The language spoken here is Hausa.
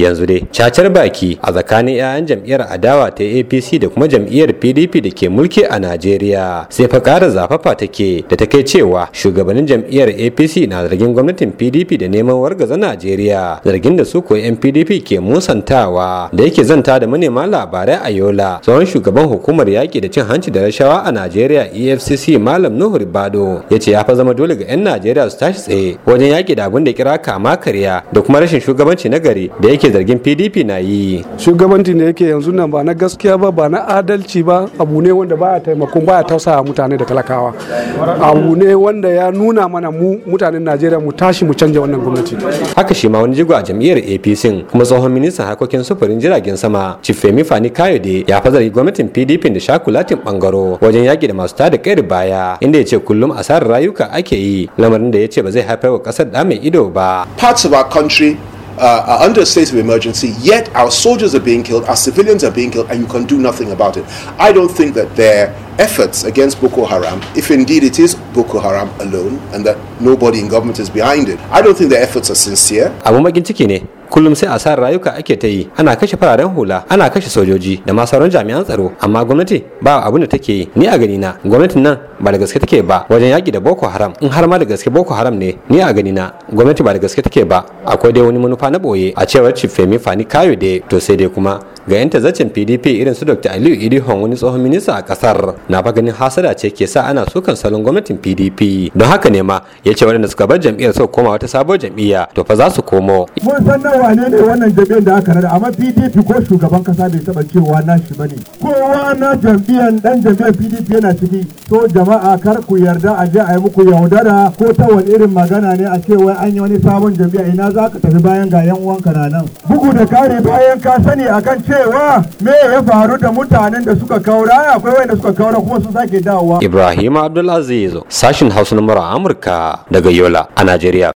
yanzu dai cacar baki a tsakanin 'ya'yan jam'iyyar adawa ta apc da kuma jam'iyyar pdp da ke mulki a najeriya sai fa ƙara zafafa take da ta kai cewa shugabannin jam'iyyar apc na zargin gwamnatin pdp da neman wargaza najeriya zargin da su koyi 'yan pdp ke musantawa da yake zanta da manema labarai a yola tsohon shugaban hukumar yaƙi da cin hanci da rashawa a najeriya efcc malam nuhu ribado ya ce ya fa zama dole ga 'yan najeriya su tashi tsaye wajen yaƙi da abin da kira kama karya da kuma rashin shugabanci na gari da yake suke zargin pdp na yi shugabanci ne yake yanzu nan ba na gaskiya ba ba na adalci ba abu ne wanda ba ya taimakon ba ya tausaya mutane da talakawa abu ne wanda ya nuna mana mu mutanen najeriya mu tashi mu canja wannan gwamnati haka shi ma wani jigo a jam'iyyar apc kuma tsohon ministan harkokin sufurin jiragen sama femi fani kayode ya fa zargi gwamnatin pdp da shakulatin bangaro wajen yaki da masu tada kairi baya inda ya ce kullum asarar rayuka ake yi lamarin da ya ce ba zai haifar wa kasar da mai ido ba parts of our country uh, are under a state of emergency, yet our soldiers are being killed, our civilians are being killed, and you can do nothing about it. I don't think that their efforts against Boko Haram, if indeed it is Boko Haram alone and that nobody in government is behind it, I don't think their efforts are sincere. kullum sai a sa rayuka ake ta yi ana kashe fararen hula ana kashe sojoji da ma sauran jami'an tsaro amma gwamnati ba abin da take yi ni a gani na gwamnatin nan ba da gaske take ba wajen yaki da boko haram in har ma da gaske boko haram ne ni a gani na gwamnati ba da gaske take ba akwai dai wani manufa na boye a cewar chief femi fani kayo da to sai dai kuma ga yanta zaccen pdp irin su dr aliyu idihon wani tsohon minista a kasar na fa ganin hasada ce ke sa ana sukan salon gwamnatin pdp don haka ne ma ya ce waɗanda suka bar jam'iyyar suka koma wata sabon jam'iyya to fa za su komo. mun san na wane ne wannan jam'iyyar da aka rada amma pdp ko shugaban kasa bai taɓa cewa na shi ne. kowa na jam'iyyar dan jam'iyyar pdp yana ciki to jama'a kar ku yarda a je a yi muku yaudara ko ta wani irin magana ne a ce wai an yi wani sabon jam'iyya ina za ka tafi bayan ga yan uwanka na nan bugu da kare bayan ka sani akan ce cewa me ya faru da mutanen da suka kaura akwai wanda suka kaura kuma sun sake dawowa ibrahim abdulaziz sashin hausa na amurka daga yola a najeriya